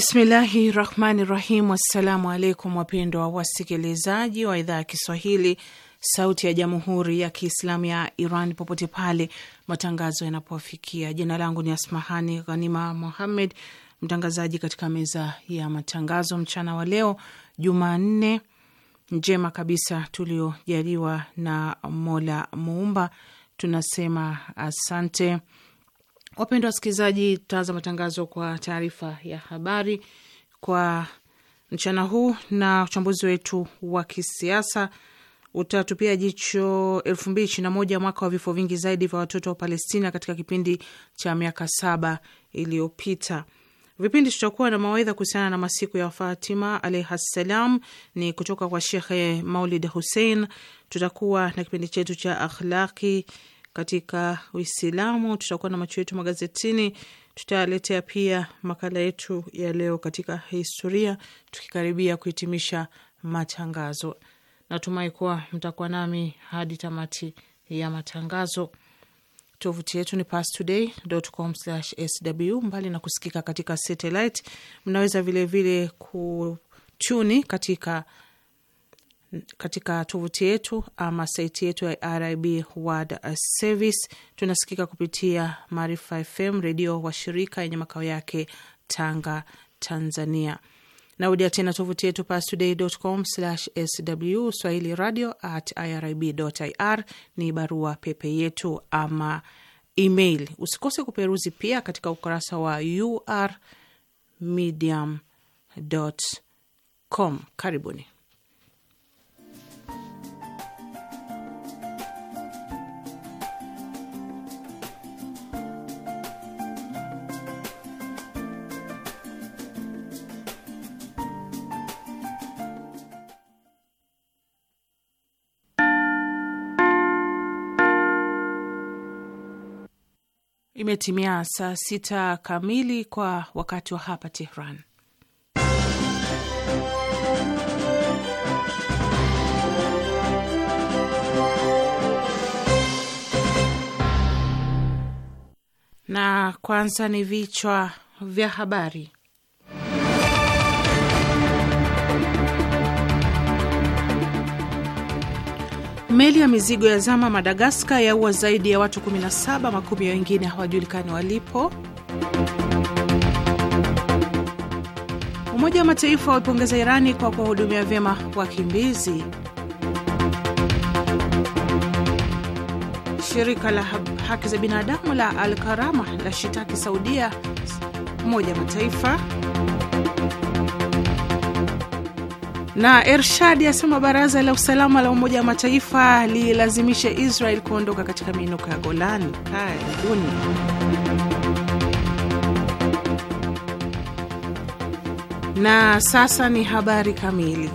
Bismillahi rahmani rahim. Assalamu alaikum wapendwa wasikilizaji wa idhaa ya Kiswahili sauti ya jamhuri ya Kiislamu ya Iran popote pale matangazo yanapofikia. Jina langu ni Asmahani Ghanima muhammed mtangazaji katika meza ya matangazo mchana wa leo Jumanne njema kabisa tuliojaliwa na Mola Muumba. Tunasema asante Wapendwa wasikilizaji, tutaanza matangazo kwa taarifa ya habari kwa mchana huu, na uchambuzi wetu wa kisiasa utatupia jicho elfu mbili ishirini na moja mwaka wa vifo vingi zaidi vya watoto wa Palestina katika kipindi cha miaka saba iliyopita. Vipindi tutakuwa na mawaidha kuhusiana na masiku ya Fatima alaihi ssalam, ni kutoka kwa Shekhe Maulid Hussein. Tutakuwa na kipindi chetu cha akhlaki katika Uislamu. Tutakuwa na macho yetu magazetini, tutaletea pia makala yetu ya leo katika historia, tukikaribia kuhitimisha matangazo. Natumai kuwa mtakuwa nami hadi tamati ya matangazo. Tovuti yetu ni pastoday.com/sw. Mbali na kusikika katika satellite, mnaweza vilevile vile katika katika tovuti yetu ama saiti yetu ya RIB World Service. Tunasikika kupitia Maarifa FM, redio wa shirika yenye makao yake Tanga, Tanzania. Narudia tena tovuti yetu pastoday.com/sw, swahili radio at ir ni barua pepe yetu ama email. Usikose kuperuzi pia katika ukurasa wa urmedium.com. Karibuni. Imetimia saa sita kamili kwa wakati wa hapa Tehran. Na kwanza ni vichwa vya habari. Meli ya mizigo ya zama Madagaskar yaua zaidi ya watu 17, makumi ya wengine hawajulikani walipo. Umoja wa Mataifa waipongeza Irani kwa kuwahudumia vyema wakimbizi. Shirika la haki za binadamu la Al Karama la shitaki Saudia Umoja wa Mataifa. na Ershadi asema baraza la usalama la Umoja wa Mataifa lilazimishe Israel kuondoka katika miinuko ya Golani. Karibuni. Na sasa ni habari kamili.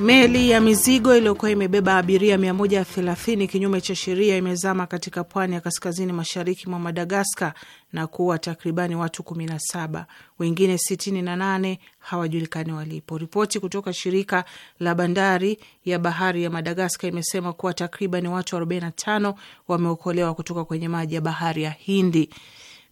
Meli ya mizigo iliyokuwa imebeba abiria 130 kinyume cha sheria imezama katika pwani ya kaskazini mashariki mwa Madagaskar na kuua takribani watu 17, wengine 68 hawajulikani walipo. Ripoti kutoka shirika la bandari ya bahari ya Madagaskar imesema kuwa takribani watu 45 wameokolewa kutoka kwenye maji ya bahari ya Hindi.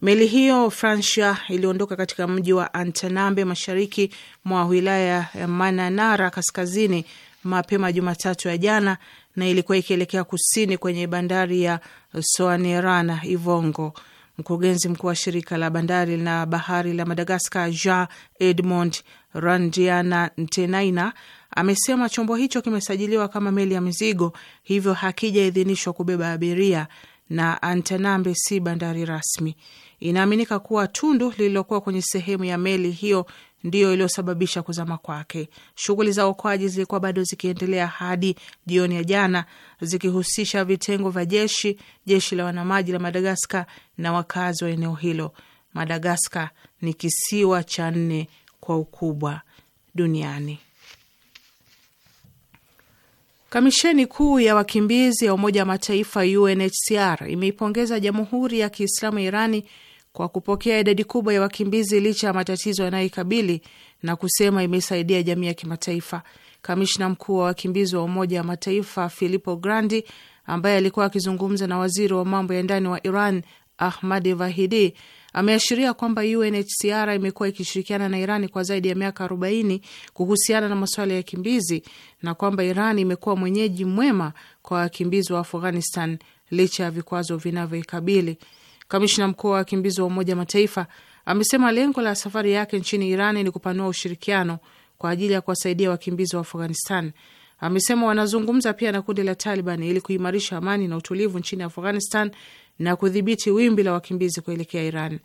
Meli hiyo Francia iliondoka katika mji wa antanambe mashariki mwa wilaya ya Mananara kaskazini mapema Jumatatu ya jana na ilikuwa ikielekea kusini kwenye bandari ya Soanerana Ivongo. Mkurugenzi mkuu wa shirika la bandari na bahari la Madagaskar, Jean Edmond Randiana Ntenaina, amesema chombo hicho kimesajiliwa kama meli ya mizigo, hivyo hakijaidhinishwa kubeba abiria na Antanambe si bandari rasmi. Inaaminika kuwa tundu lililokuwa kwenye sehemu ya meli hiyo ndiyo iliyosababisha kuzama kwake. Shughuli za uokoaji zilikuwa bado zikiendelea hadi jioni ya jana, zikihusisha vitengo vya jeshi, jeshi la wanamaji la Madagaskar na wakazi wa eneo hilo. Madagaskar ni kisiwa cha nne kwa ukubwa duniani. Kamisheni kuu ya wakimbizi ya Umoja wa Mataifa, UNHCR, imeipongeza Jamhuri ya Kiislamu Irani kwa kupokea idadi kubwa ya wakimbizi licha ya matatizo yanayoikabili na kusema imesaidia jamii ya kimataifa. Kamishna mkuu wa wakimbizi wa Umoja wa Mataifa Filippo Grandi, ambaye alikuwa akizungumza na waziri wa mambo ya ndani wa Iran Ahmadi Vahidi, ameashiria kwamba UNHCR imekuwa ikishirikiana na Iran kwa zaidi ya miaka 40 kuhusiana na masuala ya wakimbizi na kwamba Iran imekuwa mwenyeji mwema kwa wakimbizi wa Afghanistan licha ya vikwazo vinavyoikabili Kamishna mkuu wa wakimbizi wa Umoja Mataifa amesema lengo la safari yake nchini iran ni kupanua ushirikiano kwa ajili ya kuwasaidia wakimbizi wa Afghanistan. Amesema wanazungumza pia na kundi la Taliban ili kuimarisha amani na utulivu nchini Afghanistan na kudhibiti wimbi la wakimbizi kuelekea Iran.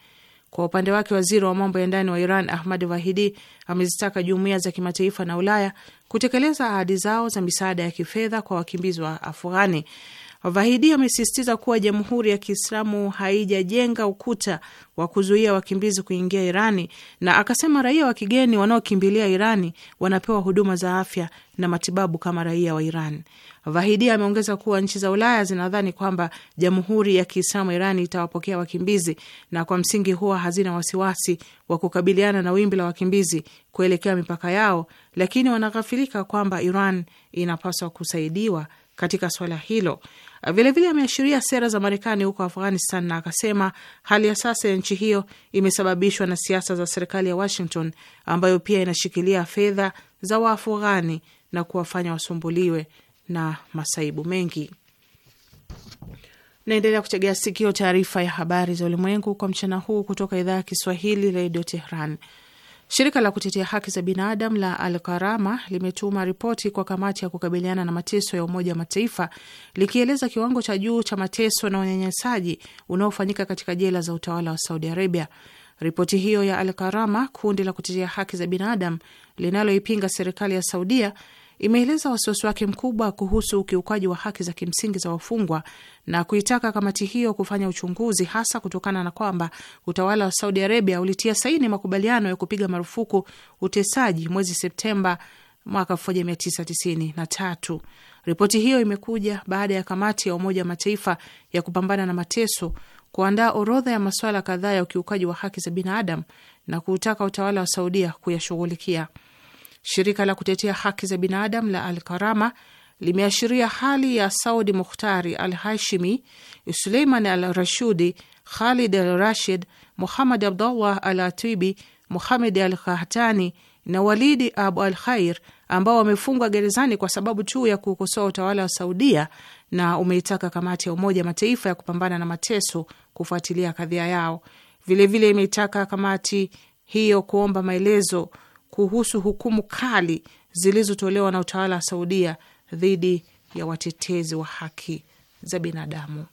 Kwa upande wake, waziri wa mambo ya ndani wa Iran Ahmad Wahidi amezitaka jumuiya za kimataifa na Ulaya kutekeleza ahadi zao za misaada ya kifedha kwa wakimbizi wa Afghani. Vahidi amesisitiza kuwa Jamhuri ya Kiislamu haijajenga ukuta wa kuzuia wakimbizi kuingia Irani, na akasema raia wa kigeni wanaokimbilia Irani wanapewa huduma za afya na matibabu kama raia wa Iran. Vahidi ameongeza kuwa nchi za Ulaya zinadhani kwamba Jamhuri ya Kiislamu Iran itawapokea wakimbizi na kwa msingi huo hazina wasiwasi wa kukabiliana na wimbi la wakimbizi kuelekea mipaka yao, lakini wanaghafilika kwamba Iran inapaswa kusaidiwa katika swala hilo. Vilevile ameashiria sera za Marekani huko Afghanistan na akasema hali ya sasa ya nchi hiyo imesababishwa na siasa za serikali ya Washington ambayo pia inashikilia fedha za Waafghani na kuwafanya wasumbuliwe na masaibu mengi. Naendelea kutegea sikio taarifa ya habari za ulimwengu kwa mchana huu kutoka idhaa ya Kiswahili redio Tehran. Shirika la kutetea haki za binadamu la Al Karama limetuma ripoti kwa kamati ya kukabiliana na mateso ya Umoja wa Mataifa likieleza kiwango cha juu cha mateso na unyanyasaji unaofanyika katika jela za utawala wa Saudi Arabia. Ripoti hiyo ya Al Karama, kundi la kutetea haki za binadamu linaloipinga serikali ya Saudia, imeeleza wasiwasi wake mkubwa kuhusu ukiukaji wa haki za kimsingi za wafungwa na kuitaka kamati hiyo kufanya uchunguzi, hasa kutokana na kwamba utawala wa Saudi Arabia ulitia saini makubaliano ya kupiga marufuku utesaji mwezi Septemba mwaka 1993. Ripoti hiyo imekuja baada ya kamati ya Umoja wa Mataifa ya kupambana na mateso kuandaa orodha ya masuala kadhaa ya ukiukaji wa haki za binadamu na kuutaka utawala wa Saudia kuyashughulikia. Shirika la kutetea haki za binadamu la Al Karama limeashiria hali ya Saudi Mukhtari Al Hashimi, Suleiman Al Rashudi, Khalid Al Rashid, Muhamad Abdullah Al Atibi, Muhamed Al Kahtani na Walidi Abu Al Khair ambao wamefungwa gerezani kwa sababu tu ya kukosoa utawala wa Saudia, na umeitaka kamati ya Umoja Mataifa ya kupambana na mateso kufuatilia kadhia yao. Vilevile imeitaka vile kamati hiyo kuomba maelezo kuhusu hukumu kali zilizotolewa na utawala wa Saudia dhidi ya watetezi wa haki za binadamu.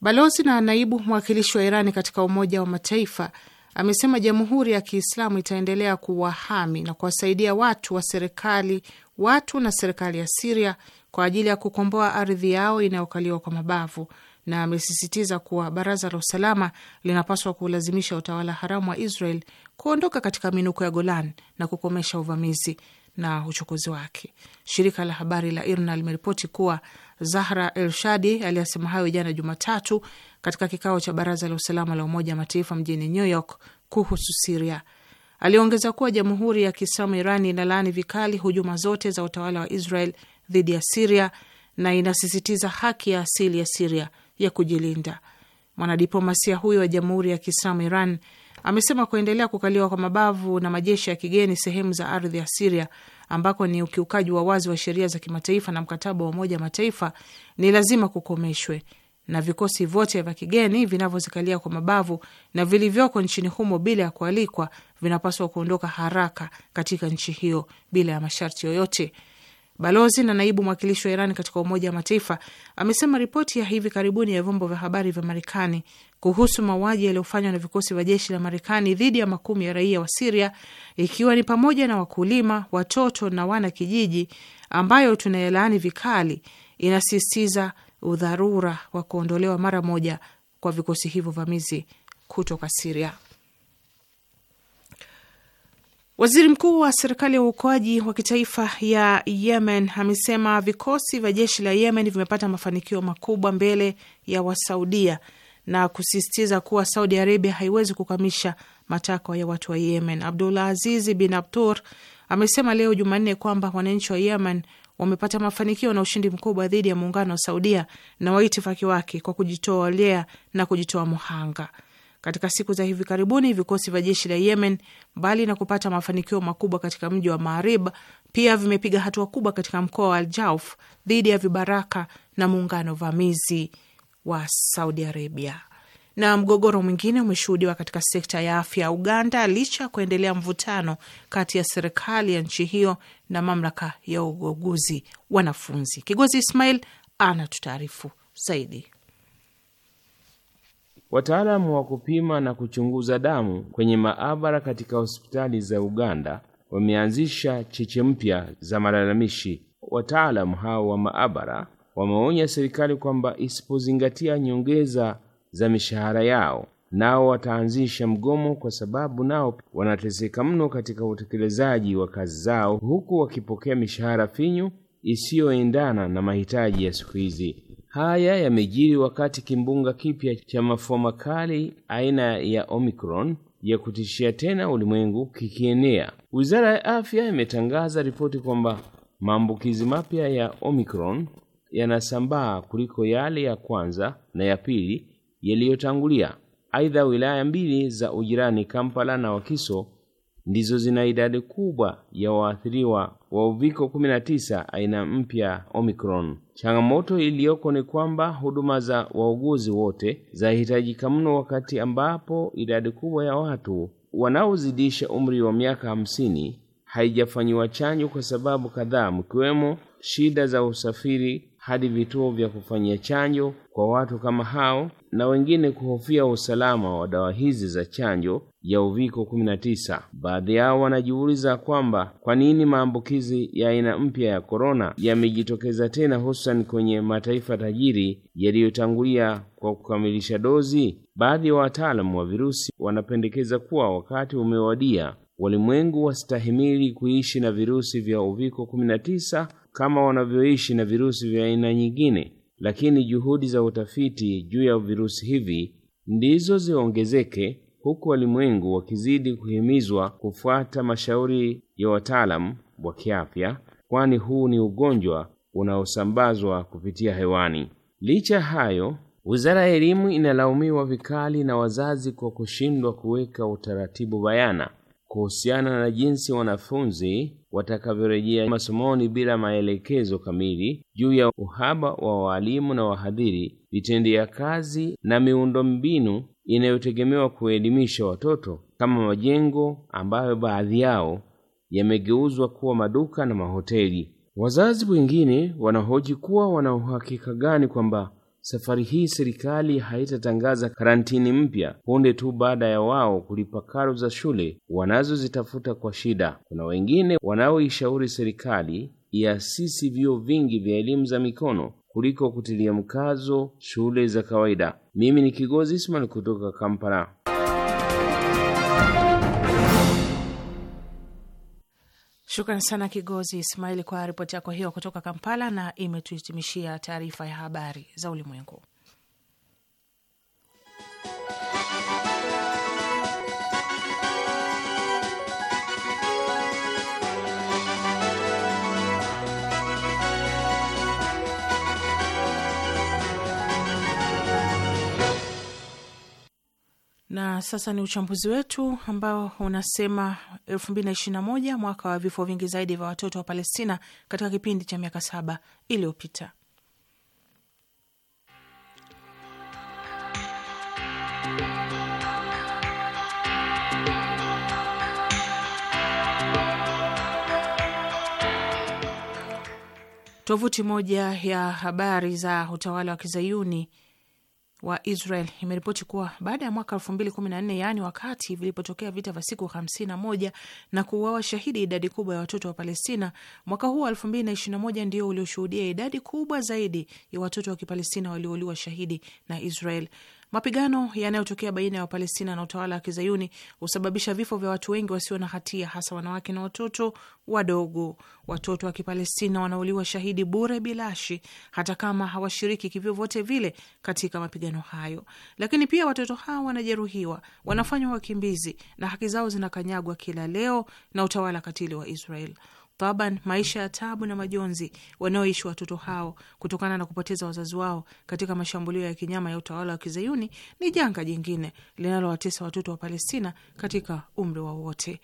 Balozi na naibu mwakilishi wa Irani katika Umoja wa Mataifa amesema Jamhuri ya Kiislamu itaendelea kuwahami na kuwasaidia watu wa serikali watu na serikali ya Siria kwa ajili ya kukomboa ardhi yao inayokaliwa kwa mabavu na amesisitiza kuwa baraza la usalama linapaswa kulazimisha utawala haramu wa Israel kuondoka katika minuko ya Golan na kukomesha uvamizi na uchokozi wake. Shirika la habari la IRNA limeripoti kuwa Zahra elshadi aliyasema hayo jana Jumatatu katika kikao cha baraza la usalama la Umoja wa Mataifa mjini New York kuhusu Siria. Aliongeza kuwa Jamhuri ya Kiislamu Irani inalaani vikali hujuma zote za utawala wa Israel dhidi ya Siria na inasisitiza haki ya asili ya Siria ya kujilinda. Mwanadiplomasia huyo wa Jamhuri ya Kiislamu Iran amesema kuendelea kukaliwa kwa mabavu na majeshi ya kigeni sehemu za ardhi ya Siria ambako ni ukiukaji wa wazi wa sheria za kimataifa na mkataba wa Umoja Mataifa ni lazima kukomeshwe na vikosi vyote vya kigeni vinavyozikalia kwa mabavu na vilivyoko nchini humo bila ya kualikwa vinapaswa kuondoka haraka katika nchi hiyo bila ya masharti yoyote. Balozi na naibu mwakilishi wa Iran katika Umoja wa Mataifa amesema ripoti ya hivi karibuni ya vyombo vya habari vya Marekani kuhusu mauaji yaliyofanywa na vikosi vya jeshi la Marekani dhidi ya makumi ya raia wa Siria, ikiwa ni pamoja na wakulima, watoto na wana kijiji, ambayo tunayelaani vikali, inasisitiza udharura wa kuondolewa mara moja kwa vikosi hivyo vamizi kutoka Siria. Waziri mkuu wa serikali ya uokoaji wa kitaifa ya Yemen amesema vikosi vya jeshi la Yemen vimepata mafanikio makubwa mbele ya Wasaudia na kusisitiza kuwa Saudi Arabia haiwezi kukamisha matakwa ya watu wa Yemen. Abdullah Azizi bin Abtur amesema leo Jumanne kwamba wananchi wa Yemen wamepata mafanikio na ushindi mkubwa dhidi ya muungano wa Saudia na waitifaki wake kwa kujitolea na kujitoa muhanga. Katika siku za hivi karibuni, vikosi vya jeshi la Yemen, mbali na kupata mafanikio makubwa katika mji wa Marib, pia vimepiga hatua kubwa katika mkoa wa Aljauf dhidi ya vibaraka na muungano vamizi wa Saudi Arabia. Na mgogoro mwingine umeshuhudiwa katika sekta ya afya ya Uganda licha ya kuendelea mvutano kati ya serikali ya nchi hiyo na mamlaka ya ugoguzi wanafunzi. Kigozi Ismail anatutaarifu zaidi. Wataalamu wa kupima na kuchunguza damu kwenye maabara katika hospitali za Uganda wameanzisha cheche mpya za malalamishi. Wataalamu hao wa maabara wameonya serikali kwamba isipozingatia nyongeza za mishahara yao, nao wataanzisha mgomo, kwa sababu nao wanateseka mno katika utekelezaji wa kazi zao, huku wakipokea mishahara finyu isiyoendana na mahitaji ya siku hizi. Haya yamejiri wakati kimbunga kipya cha mafua makali aina ya Omicron ya kutishia tena ulimwengu kikienea. Wizara ya Afya imetangaza ripoti kwamba maambukizi mapya ya Omicron yanasambaa kuliko yale ya kwanza na ya pili yaliyotangulia. Aidha, wilaya mbili za ujirani Kampala na Wakiso ndizo zina idadi kubwa ya waathiriwa wa uviko 19 aina mpya Omicron. Changamoto iliyoko ni kwamba huduma za wauguzi wote zahitajika mno, wakati ambapo idadi kubwa ya watu wanaozidisha umri wa miaka hamsini haijafanyiwa chanjo kwa sababu kadhaa, mkiwemo shida za usafiri hadi vituo vya kufanyia chanjo kwa watu kama hao na wengine kuhofia usalama wa dawa hizi za chanjo ya uviko 19. Baadhi yao wanajiuliza kwamba kwa nini maambukizi ya aina mpya ya korona yamejitokeza tena, hususan kwenye mataifa tajiri yaliyotangulia kwa kukamilisha dozi. Baadhi ya wataalamu wa virusi wanapendekeza kuwa wakati umewadia walimwengu wastahimili kuishi na virusi vya uviko 19 kama wanavyoishi na virusi vya aina nyingine lakini juhudi za utafiti juu ya virusi hivi ndizo ziongezeke, huku walimwengu wakizidi kuhimizwa kufuata mashauri ya wataalamu wa kiafya, kwani huu ni ugonjwa unaosambazwa kupitia hewani. Licha ya hayo, wizara ya elimu inalaumiwa vikali na wazazi kwa kushindwa kuweka utaratibu bayana kuhusiana na jinsi wanafunzi watakavyorejea masomoni bila maelekezo kamili juu ya uhaba wa waalimu na wahadhiri, vitendea kazi na miundombinu inayotegemewa kuelimisha watoto, kama majengo ambayo baadhi yao yamegeuzwa kuwa maduka na mahoteli. Wazazi wengine wanahoji kuwa wana uhakika gani kwamba Safari hii serikali haitatangaza karantini mpya punde tu baada ya wao kulipa karo za shule wanazozitafuta kwa shida. Kuna wengine wanaoishauri serikali iasisi vyuo vingi vya elimu za mikono kuliko kutilia mkazo shule za kawaida. Mimi ni Kigozi Ismail kutoka Kampala. Shukran sana Kigozi Ismaili kwa ripoti yako hiyo kutoka Kampala, na imetuhitimishia taarifa ya habari za ulimwengu. Na sasa ni uchambuzi wetu ambao unasema elfu mbili na na moja mwaka wa vifo vingi zaidi vya watoto wa Palestina katika kipindi cha miaka saba iliyopita. Tovuti moja ya habari za utawala wa kizayuni wa Israel imeripoti kuwa baada ya mwaka elfu mbili kumi na nne yaani wakati vilipotokea vita vya siku hamsini na moja na kuuawa shahidi idadi kubwa ya watoto wa Palestina, mwaka huu wa elfu mbili na ishirini na moja ndio ulioshuhudia idadi kubwa zaidi ya watoto wa Kipalestina waliouliwa shahidi na Israel. Mapigano yanayotokea baina ya Wapalestina na utawala wa kizayuni husababisha vifo vya watu wengi wasio na hatia, hasa wanawake na watoto wadogo. Watoto wa Kipalestina wanauliwa shahidi bure bilashi, hata kama hawashiriki kivyovyote vile katika mapigano hayo. Lakini pia watoto hao wanajeruhiwa, wanafanywa wakimbizi na haki zao zinakanyagwa kila leo na utawala katili wa Israel taban maisha ya tabu na majonzi wanaoishi watoto hao kutokana na kupoteza wazazi wao katika mashambulio ya kinyama ya utawala wa kizayuni ni janga jingine linalowatesa watoto wa Palestina katika umri wowote wa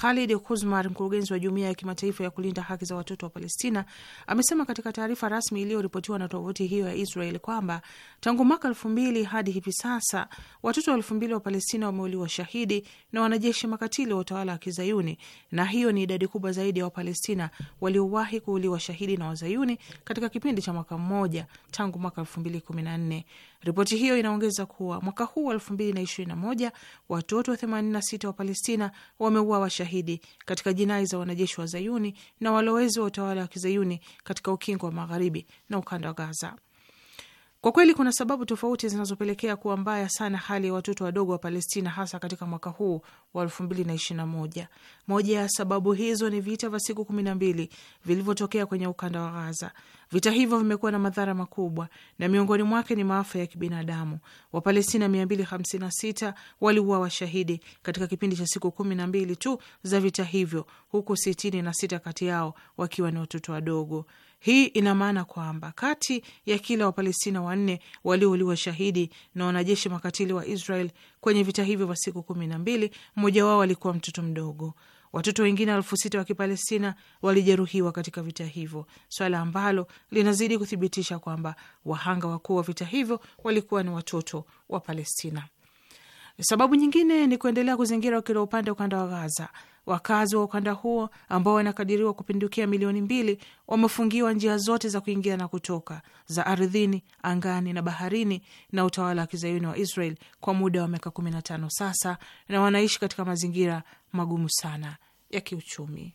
Khalid Kuzmar, mkurugenzi wa jumuiya ya kimataifa ya kulinda haki za watoto wa Palestina, amesema katika taarifa rasmi iliyoripotiwa na tovuti hiyo ya Israel kwamba tangu mwaka elfu mbili hadi hivi sasa watoto elfu mbili wa Palestina wameuliwa shahidi na wanajeshi makatili wa utawala wa Kizayuni, na hiyo ni idadi kubwa zaidi ya Wapalestina waliowahi kuuliwa shahidi na Wazayuni katika kipindi cha mwaka mmoja tangu mwaka elfu mbili kumi na nne. Ripoti hiyo inaongeza kuwa mwaka huu wa elfu mbili na ishirini na moja watoto 86 wa Palestina wameuawa washahidi katika jinai za wanajeshi wa Zayuni na walowezi wa utawala wa Kizayuni katika ukingo wa Magharibi na ukanda wa Gaza. Kwa kweli kuna sababu tofauti zinazopelekea kuwa mbaya sana hali ya watoto wadogo wa Palestina, hasa katika mwaka huu wa elfu mbili na ishirini na moja. Moja ya sababu hizo ni vita vya siku kumi na mbili vilivyotokea kwenye ukanda wa Ghaza. Vita hivyo vimekuwa na madhara makubwa na miongoni mwake ni maafa ya kibinadamu. Wapalestina 256 waliuawa washahidi katika kipindi cha siku kumi na mbili tu za vita hivyo, huku sitini na sita kati yao wakiwa ni watoto wadogo. Hii ina maana kwamba kati ya kila Wapalestina wanne waliouliwa shahidi na wanajeshi makatili wa Israel kwenye vita hivyo vya siku kumi na mbili, mmoja wao alikuwa mtoto mdogo. Watoto wengine elfu sita wa Kipalestina walijeruhiwa katika vita hivyo, swala ambalo linazidi kuthibitisha kwamba wahanga wakuu wa vita hivyo walikuwa ni watoto wa Palestina. Sababu nyingine ni kuendelea kuzingira kila upande ukanda wa Gaza Wakazi wa ukanda huo ambao wanakadiriwa kupindukia milioni mbili wamefungiwa njia zote za kuingia na kutoka za ardhini, angani na baharini na utawala wa kizayuni wa Israel kwa muda wa miaka tano sasa, na wanaishi katika mazingira magumu sana ya kiuchumi.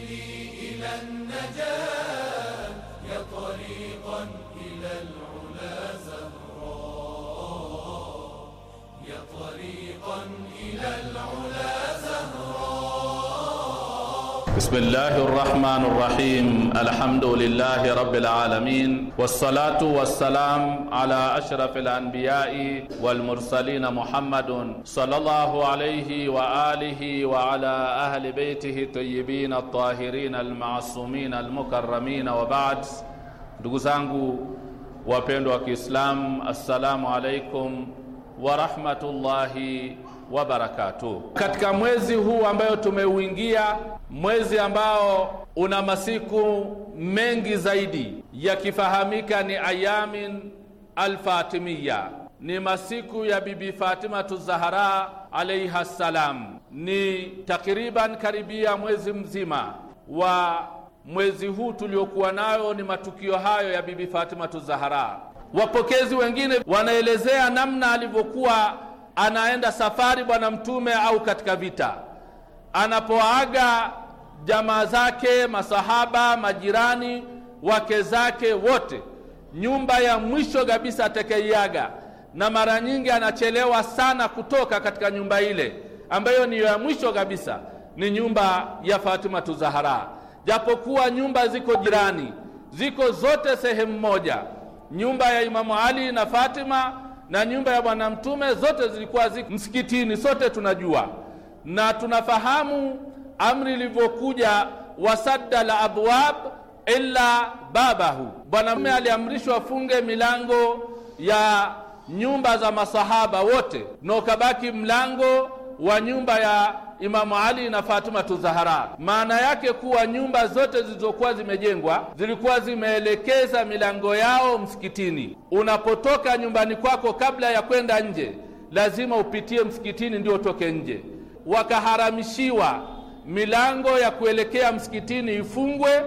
طريقا إلى العلا زهرا بسم الله الرحمن الرحيم الحمد لله رب العالمين والصلاة والسلام على أشرف الأنبياء والمرسلين محمد صلى الله عليه وآله وعلى أهل بيته الطيبين الطاهرين المعصومين المكرمين وبعد دوزانغو wapendwa إسلام السلام عليكم wa rahmatullahi wa barakatuh. Katika mwezi huu ambayo tumeuingia, mwezi ambao una masiku mengi zaidi yakifahamika ni ayamin alfatimiya, ni masiku ya Bibi Fatima Zahara alaiha salam, ni takriban karibia mwezi mzima wa mwezi huu tuliokuwa nayo ni matukio hayo ya Bibi Fatimatu Zahara Wapokezi wengine wanaelezea namna alivyokuwa anaenda safari Bwana Mtume au katika vita, anapoaga jamaa zake, masahaba, majirani, wake zake wote, nyumba ya mwisho kabisa atakaiaga, na mara nyingi anachelewa sana kutoka katika nyumba ile ambayo ni ya mwisho kabisa, ni nyumba ya Fatima Tuzahara, japokuwa nyumba ziko jirani, ziko zote sehemu moja nyumba ya Imamu Ali na Fatima na nyumba ya Bwana Mtume zote zilikuwa ziko msikitini. Sote tunajua na tunafahamu amri ilivyokuja, wasadda la abwab illa babahu. Bwana Mtume aliamrishwa afunge milango ya nyumba za masahaba wote, na ukabaki mlango wa nyumba ya Imamu Ali na Fatuma Tuzahara. Maana yake kuwa nyumba zote zilizokuwa zimejengwa zilikuwa zimeelekeza milango yao msikitini. Unapotoka nyumbani kwako, kabla ya kwenda nje, lazima upitie msikitini ndio utoke nje. Wakaharamishiwa milango ya kuelekea msikitini ifungwe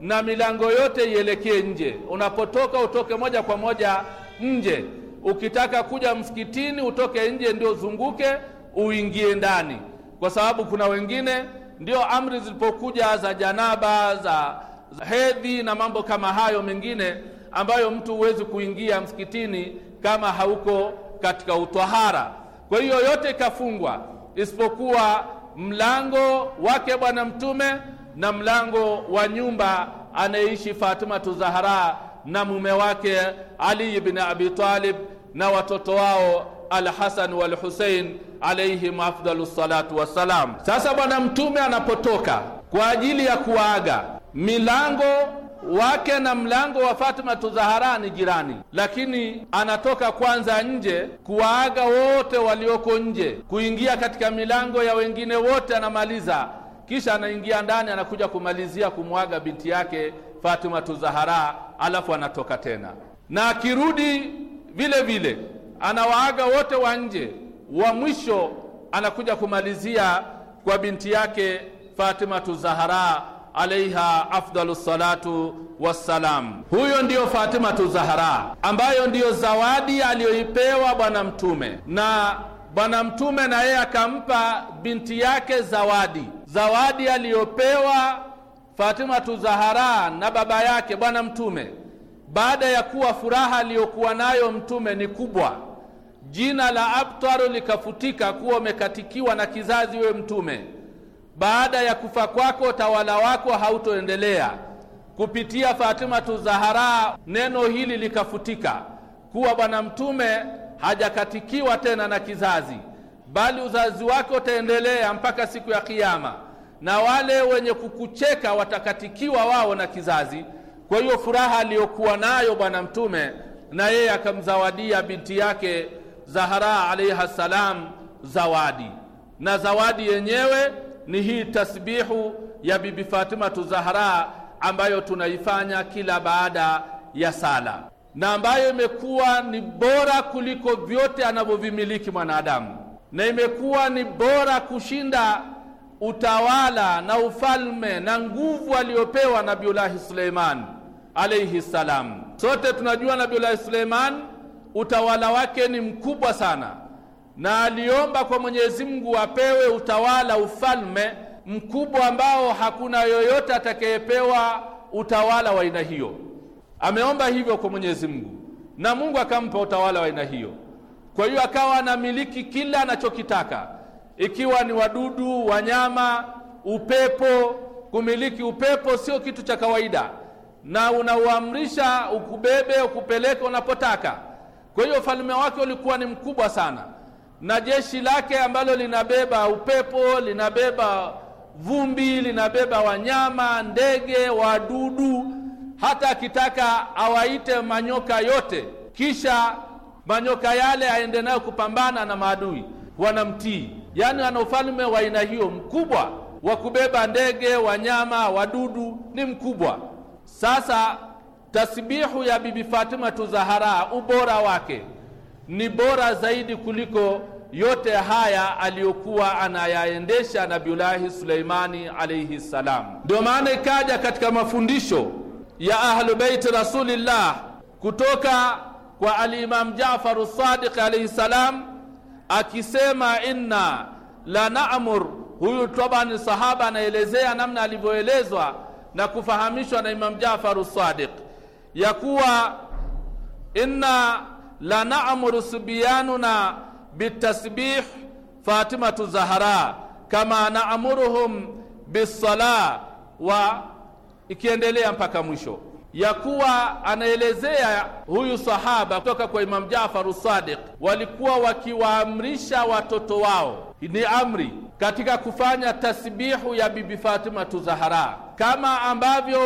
na milango yote ielekee nje. Unapotoka utoke moja kwa moja nje. Ukitaka kuja msikitini utoke nje, ndio zunguke uingie ndani kwa sababu kuna wengine ndio amri zilipokuja za janaba za, za hedhi na mambo kama hayo mengine ambayo mtu huwezi kuingia msikitini kama hauko katika utwahara. Kwa hiyo yote ikafungwa isipokuwa mlango wake Bwana Mtume na mlango wa nyumba anayeishi fatima Zahra na mume wake Ali ibn Abi Talib na watoto wao Alhasan walhusein alaihim afdalu salatu wassalam. Sasa Bwana Mtume anapotoka kwa ajili ya kuwaaga, milango wake na mlango wa Fatima Tuzahara ni jirani, lakini anatoka kwanza nje kuwaaga wote walioko nje, kuingia katika milango ya wengine wote anamaliza, kisha anaingia ndani, anakuja kumalizia kumwaga binti yake Fatima Tuzahara, alafu anatoka tena na akirudi vile vile anawaaga wote wa nje, wa mwisho anakuja kumalizia kwa binti yake Fatimatu Zahara alaiha afdalu salatu wassalam. Huyo ndiyo Fatimatu Zahara ambayo ndiyo zawadi aliyoipewa Bwana Mtume, na Bwana Mtume na yeye akampa binti yake zawadi, zawadi aliyopewa Fatimatu Zahara na baba yake Bwana Mtume baada ya kuwa furaha aliyokuwa nayo Mtume ni kubwa jina la Abtaru likafutika kuwa umekatikiwa na kizazi we mtume baada ya kufa kwako tawala wako hautoendelea kupitia fatimatu zahara neno hili likafutika kuwa bwana mtume hajakatikiwa tena na kizazi bali uzazi wako utaendelea mpaka siku ya kiyama na wale wenye kukucheka watakatikiwa wao na kizazi kwa hiyo furaha aliyokuwa nayo bwana mtume na yeye akamzawadia binti yake Zahara alaiha salam zawadi, na zawadi yenyewe ni hii tasbihu ya Bibi Fatimatu Zahara ambayo tunaifanya kila baada ya sala na ambayo imekuwa ni bora kuliko vyote anavyovimiliki mwanadamu, na imekuwa ni bora kushinda utawala na ufalme na nguvu aliyopewa Nabiullahi Suleiman alaihi salam. Sote tunajua Nabiullahi Suleiman utawala wake ni mkubwa sana, na aliomba kwa Mwenyezi Mungu apewe utawala, ufalme mkubwa ambao hakuna yoyote atakayepewa utawala wa aina hiyo. Ameomba hivyo kwa Mwenyezi Mungu na Mungu akampa utawala wa aina hiyo. Kwa hiyo akawa anamiliki kila anachokitaka, ikiwa ni wadudu, wanyama, upepo. Kumiliki upepo sio kitu cha kawaida, na unauamrisha ukubebe, ukupeleke unapotaka kwa hiyo ufalme wake ulikuwa ni mkubwa sana, na jeshi lake ambalo linabeba upepo, linabeba vumbi, linabeba wanyama, ndege, wadudu. Hata akitaka awaite manyoka yote, kisha manyoka yale aende nayo kupambana na maadui, wanamtii. Yaani ana ufalme wa aina hiyo mkubwa wa kubeba ndege, wanyama, wadudu, ni mkubwa sasa tasbihu ya Bibi Fatima Zahara, ubora wake ni bora zaidi kuliko yote haya aliyokuwa anayaendesha Nabiullahi Suleimani alaihi salam. Ndio maana ikaja katika mafundisho ya Ahlubeiti Rasulillah kutoka kwa Alimam Jafaru Sadiq alaihi salam akisema inna la namur. Huyu tabani sahaba anaelezea namna alivyoelezwa na kufahamishwa na Imam Jafaru Sadiq ya kuwa inna la naamuru subyanuna bitasbih Fatimatu Zahara kama naamuruhum bisala wa ikiendelea mpaka mwisho, ya kuwa anaelezea huyu sahaba kutoka kwa Imam Jaafar Sadiq, walikuwa wakiwaamrisha watoto wao ni amri katika kufanya tasbihu ya Bibi Fatima Tuzahara, kama ambavyo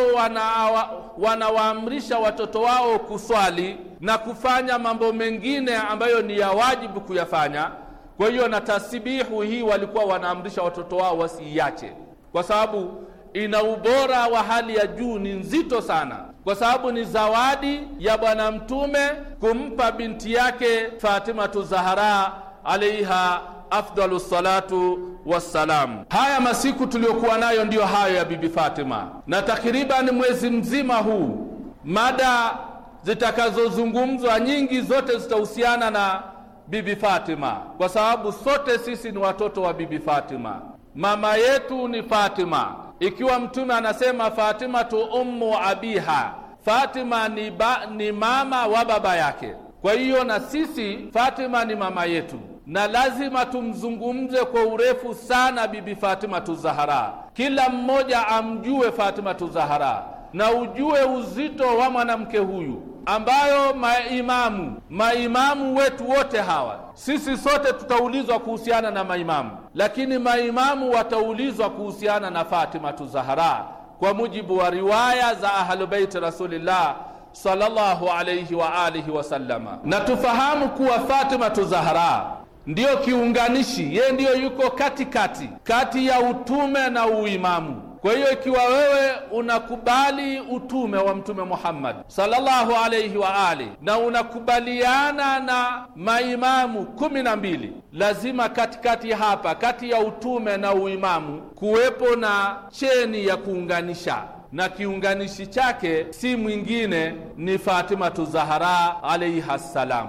wanawaamrisha wana watoto wao kuswali na kufanya mambo mengine ambayo ni ya wajibu kuyafanya. Kwa hiyo na tasbihu hii walikuwa wanaamrisha watoto wao wasiiache, kwa sababu ina ubora wa hali ya juu, ni nzito sana, kwa sababu ni zawadi ya Bwana Mtume kumpa binti yake Fatima Zahara alaiha afdalu salatu wassalam. Haya masiku tuliyokuwa nayo ndiyo hayo ya Bibi Fatima, na takriban mwezi mzima huu mada zitakazozungumzwa nyingi zote zitahusiana na Bibi Fatima, kwa sababu sote sisi ni watoto wa Bibi Fatima. Mama yetu ni Fatima, ikiwa Mtume anasema fatimatu ummu abiha, Fatima ni, ba, ni mama wa baba yake. Kwa hiyo na sisi Fatima ni mama yetu na lazima tumzungumze kwa urefu sana Bibi Fatima Tuzahara, kila mmoja amjue Fatima Tuzahara na ujue uzito wa mwanamke huyu, ambayo maimamu maimamu wetu wote hawa, sisi sote tutaulizwa kuhusiana na maimamu, lakini maimamu wataulizwa kuhusiana na Fatima Tuzahara kwa mujibu wa riwaya za Ahlubeiti Rasulillah sallallahu alaihi wa alihi wasallama, na tufahamu kuwa Fatima Tuzahara ndiyo kiunganishi, yeye ndiyo yuko katikati kati ya utume na uimamu. Kwa hiyo ikiwa wewe unakubali utume wa Mtume Muhammad sallallahu alayhi wa ali na unakubaliana na maimamu kumi na mbili, lazima katikati hapa kati ya utume na uimamu kuwepo na cheni ya kuunganisha na kiunganishi chake si mwingine ni Fatimatu Zahara alaiha salam.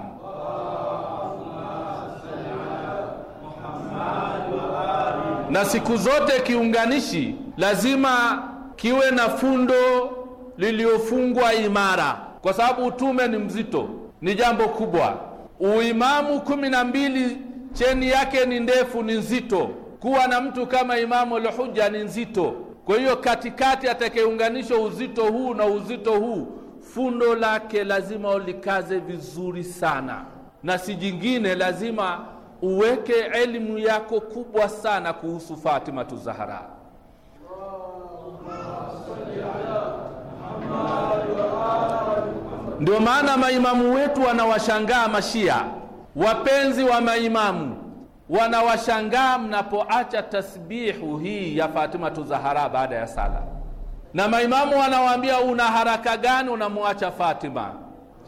na siku zote kiunganishi lazima kiwe na fundo liliyofungwa imara, kwa sababu utume ni mzito, ni jambo kubwa. Uimamu kumi na mbili cheni yake ni ndefu, ni nzito. Kuwa na mtu kama Imamu Lhuja ni nzito. Kwa hiyo katikati, atakayeunganisha uzito huu na uzito huu, fundo lake lazima ulikaze vizuri sana, na si jingine lazima uweke elimu yako kubwa sana kuhusu Fatima Zahra. Ndio maana maimamu wetu wanawashangaa Mashia, wapenzi wa maimamu wanawashangaa mnapoacha tasbihu hii ya Fatima tuzahara baada ya sala, na maimamu wanawaambia una haraka gani unamwacha Fatima?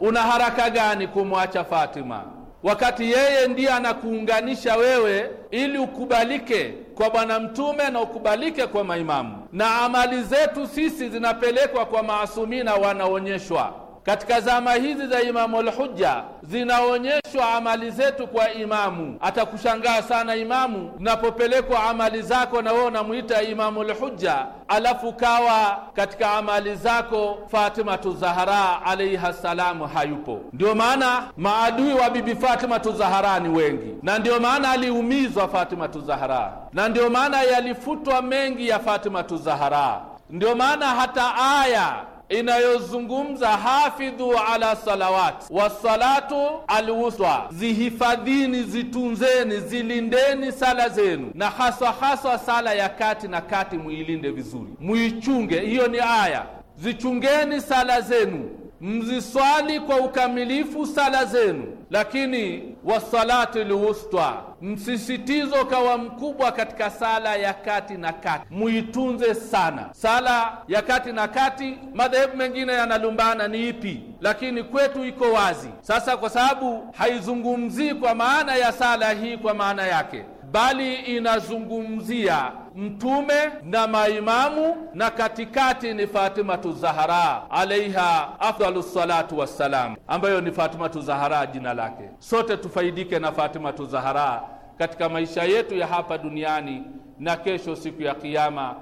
Una haraka gani kumwacha Fatima? wakati yeye ndiye anakuunganisha wewe ili ukubalike kwa Bwana Mtume na ukubalike kwa maimamu, na amali zetu sisi zinapelekwa kwa maasumina, wanaonyeshwa katika zama hizi za Imamu Lhuja zinaonyeshwa amali zetu kwa imamu. Atakushangaa sana imamu napopelekwa amali zako, na wewe unamwita Imamu Lhuja, alafu kawa katika amali zako Fatimatu Zahara alaiha ssalamu hayupo. Ndio maana maadui wa Bibi Fatimatu Zahara ni wengi, na ndio maana aliumizwa Fatimatu Zahara, na ndio maana yalifutwa mengi ya Fatimatu Zahara, ndio maana hata aya inayozungumza hafidhu ala salawat wassalatu alwusta, zihifadhini, zitunzeni, zilindeni sala zenu, na haswa haswa sala ya kati na kati, muilinde vizuri, muichunge. Hiyo ni aya, zichungeni sala zenu mziswali kwa ukamilifu sala zenu, lakini wasalati lwusta, msisitizo kawa mkubwa katika sala ya kati na kati, muitunze sana sala ya kati na kati. Madhehebu mengine yanalumbana ni ipi, lakini kwetu iko wazi sasa, kwa sababu haizungumzii kwa maana ya sala hii kwa maana yake bali inazungumzia mtume na maimamu, na katikati ni Fatimatu Zahara alaiha afdalu salatu wassalam, ambayo ni Fatimatu Zahara jina lake. Sote tufaidike na Fatimatu Zahara katika maisha yetu ya hapa duniani na kesho siku ya Kiyama.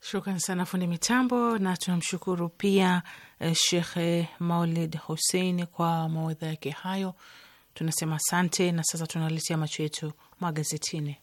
Shukran sana fundi mitambo, na tunamshukuru pia eh, Shekhe Maulid Hussein kwa mawaidha yake hayo. Tunasema asante, na sasa tunaletea macho yetu magazetini.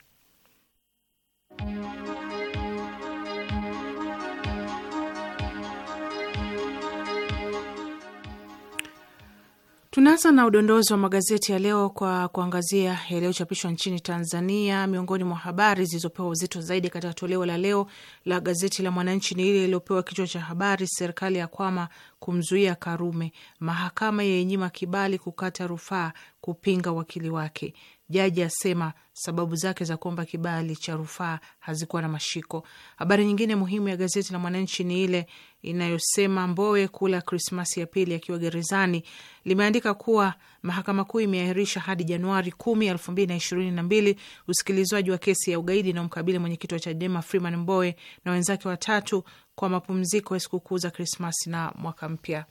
Tunaanza na udondozi wa magazeti ya leo kwa kuangazia yaliyochapishwa nchini Tanzania. Miongoni mwa habari zilizopewa uzito zaidi katika toleo la leo la gazeti la Mwananchi ni ile iliyopewa kichwa cha habari, serikali ya kwama kumzuia Karume, mahakama yenyima kibali kukata rufaa kupinga wakili wake. Jaji asema sababu zake za kuomba kibali cha rufaa hazikuwa na mashiko. Habari nyingine muhimu ya gazeti la Mwananchi ni ile inayosema Mbowe kula Krismasi ya pili akiwa gerezani. Limeandika kuwa mahakama kuu imeahirisha hadi Januari kumi elfu mbili na ishirini na mbili usikilizwaji wa kesi ya ugaidi inayomkabili mwenyekiti wa Chadema Freeman Mbowe na wenzake watatu kwa mapumziko ya sikukuu za Krismasi na mwaka mpya.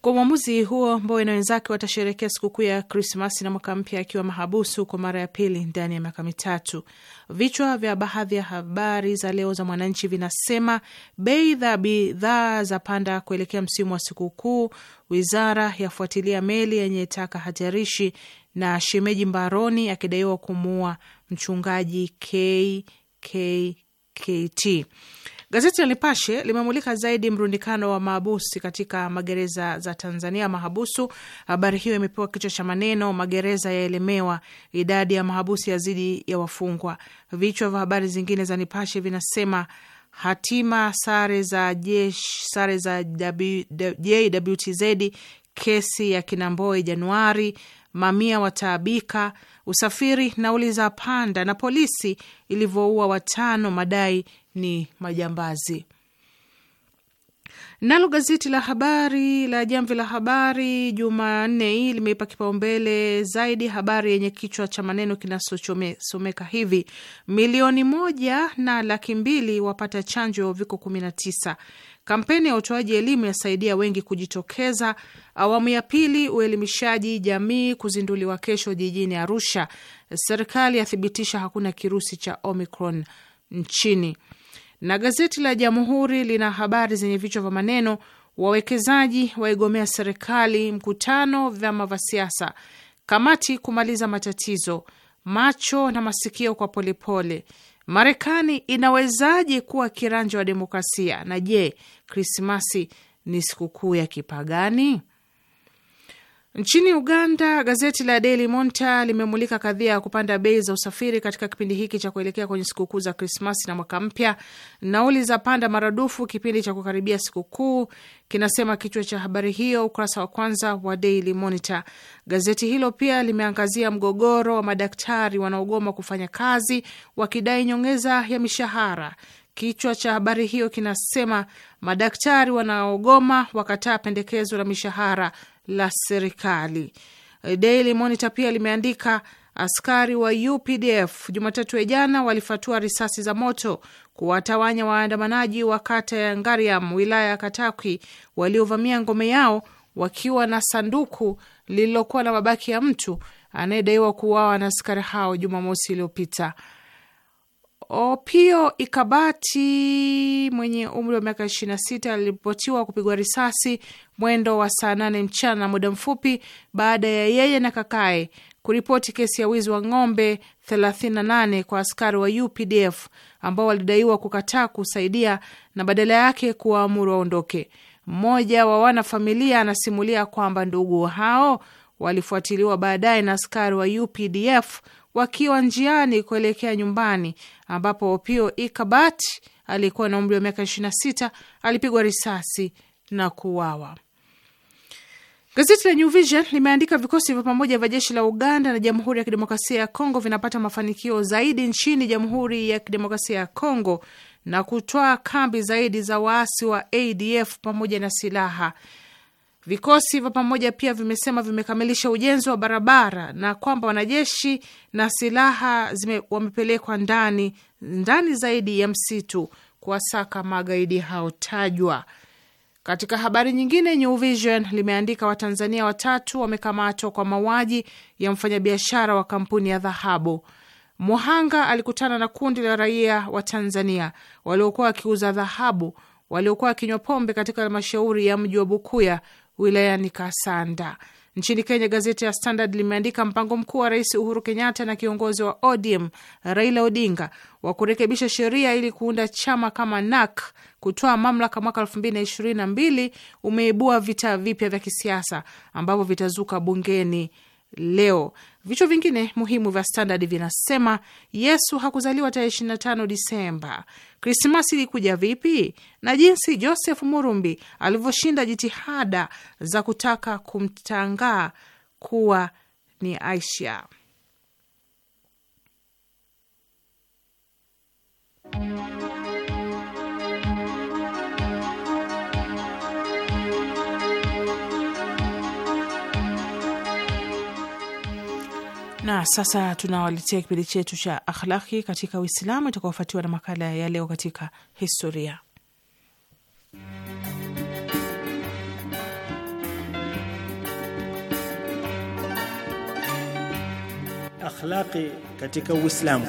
Kwa uamuzi huo, Mbowe na wenzake watasherekea sikukuu ya Krismasi na mwaka mpya akiwa mahabusu kwa mara ya pili ndani ya miaka mitatu. Vichwa vya baadhi ya habari za leo za Mwananchi vinasema bei za bidhaa za panda kuelekea msimu wa sikukuu, wizara yafuatilia meli yenye taka hatarishi, na shemeji mbaroni akidaiwa kumuua mchungaji KKKT. Gazeti la Nipashe limemulika zaidi mrundikano wa mahabusi katika magereza za Tanzania, mahabusu. Habari hiyo imepewa kichwa cha maneno, magereza yaelemewa, idadi ya mahabusi yazidi ya wafungwa. Vichwa vya habari zingine za Nipashe vinasema hatima sare za jeshi, sare za JWTZ, kesi ya Kinamboi Januari, mamia wataabika, usafiri nauli za panda, na polisi ilivyoua watano madai ni majambazi. Nalo gazeti la habari la Jamvi la Habari Jumanne hii limeipa kipaumbele zaidi habari yenye kichwa cha maneno kinachosomeka hivi: milioni moja na laki mbili wapata chanjo ya uviko 19. Kampeni ya utoaji elimu yasaidia wengi kujitokeza. Awamu ya pili uelimishaji jamii kuzinduliwa kesho jijini Arusha. Serikali yathibitisha hakuna kirusi cha Omicron nchini na gazeti la Jamhuri lina habari zenye vichwa vya maneno: wawekezaji waigomea serikali, mkutano vyama vya siasa, kamati kumaliza matatizo, macho na masikio kwa Polepole, Marekani inawezaje kuwa kiranja wa demokrasia, na je, Krismasi ni sikukuu ya kipagani? Nchini Uganda, gazeti la Daily Monitor limemulika kadhia ya kupanda bei za usafiri katika kipindi hiki cha kuelekea kwenye sikukuu za Krismasi na mwaka mpya. Nauli za panda maradufu kipindi cha kukaribia sikukuu, kinasema kichwa cha habari hiyo, ukurasa wa kwanza wa Daily Monitor. Gazeti hilo pia limeangazia mgogoro wa madaktari wanaogoma kufanya kazi wakidai nyongeza ya mishahara. Kichwa cha habari hiyo kinasema madaktari wanaogoma wakataa pendekezo la mishahara la serikali. Eh, Daily Monitor pia limeandika askari wa UPDF Jumatatu ya jana walifatua risasi za moto kuwatawanya waandamanaji wa kata ya Ngariam wilaya ya Katakwi waliovamia ngome yao wakiwa na sanduku lililokuwa na mabaki ya mtu anayedaiwa kuuawa na askari hao Jumamosi iliyopita. Opio Ikabati mwenye umri wa miaka 26 aliripotiwa kupigwa risasi mwendo wa saa 8 mchana, muda mfupi baada ya yeye na kakae kuripoti kesi ya wizi wa ng'ombe 38 kwa askari wa UPDF ambao walidaiwa kukataa kusaidia na badala yake kuwaamuru waondoke. Mmoja wa wanafamilia anasimulia kwamba ndugu hao walifuatiliwa baadaye na askari wa UPDF wakiwa njiani kuelekea nyumbani ambapo Opio Ikabat aliyekuwa na umri wa miaka 26 alipigwa risasi na kuuawa. Gazeti la New Vision limeandika vikosi vya pamoja vya jeshi la Uganda na Jamhuri ya Kidemokrasia ya Kongo vinapata mafanikio zaidi nchini Jamhuri ya Kidemokrasia ya Kongo na kutoa kambi zaidi za waasi wa ADF pamoja na silaha Vikosi vya pamoja pia vimesema vimekamilisha ujenzi wa barabara na kwamba wanajeshi na silaha wamepelekwa ndani ndani zaidi ya msitu kuwasaka magaidi hao tajwa. Katika habari nyingine, New Vision limeandika Watanzania watatu wamekamatwa kwa mauaji ya mfanyabiashara wa kampuni ya dhahabu. Muhanga alikutana na kundi la raia wa Tanzania waliokuwa wakiuza dhahabu waliokuwa wakinywa pombe katika halmashauri ya mji wa Bukuya wilayani Kasanda. Nchini Kenya, gazeti ya Standard limeandika mpango mkuu wa Rais Uhuru Kenyatta na kiongozi wa ODM Raila Odinga wa kurekebisha sheria ili kuunda chama kama NAK kutoa mamlaka mwaka elfu mbili na ishirini na mbili umeibua vita vipya vya kisiasa ambavyo vitazuka bungeni leo. Vichwa vingine muhimu vya Standard vinasema Yesu hakuzaliwa tarehe 25 Disemba, Krismasi ilikuja vipi, na jinsi Joseph Murumbi alivyoshinda jitihada za kutaka kumtangaa kuwa ni Aisha. Na sasa tunawaletea kipindi chetu cha akhlaki katika Uislamu itakaofuatiwa na makala ya leo katika historia. Akhlaki katika Uislamu.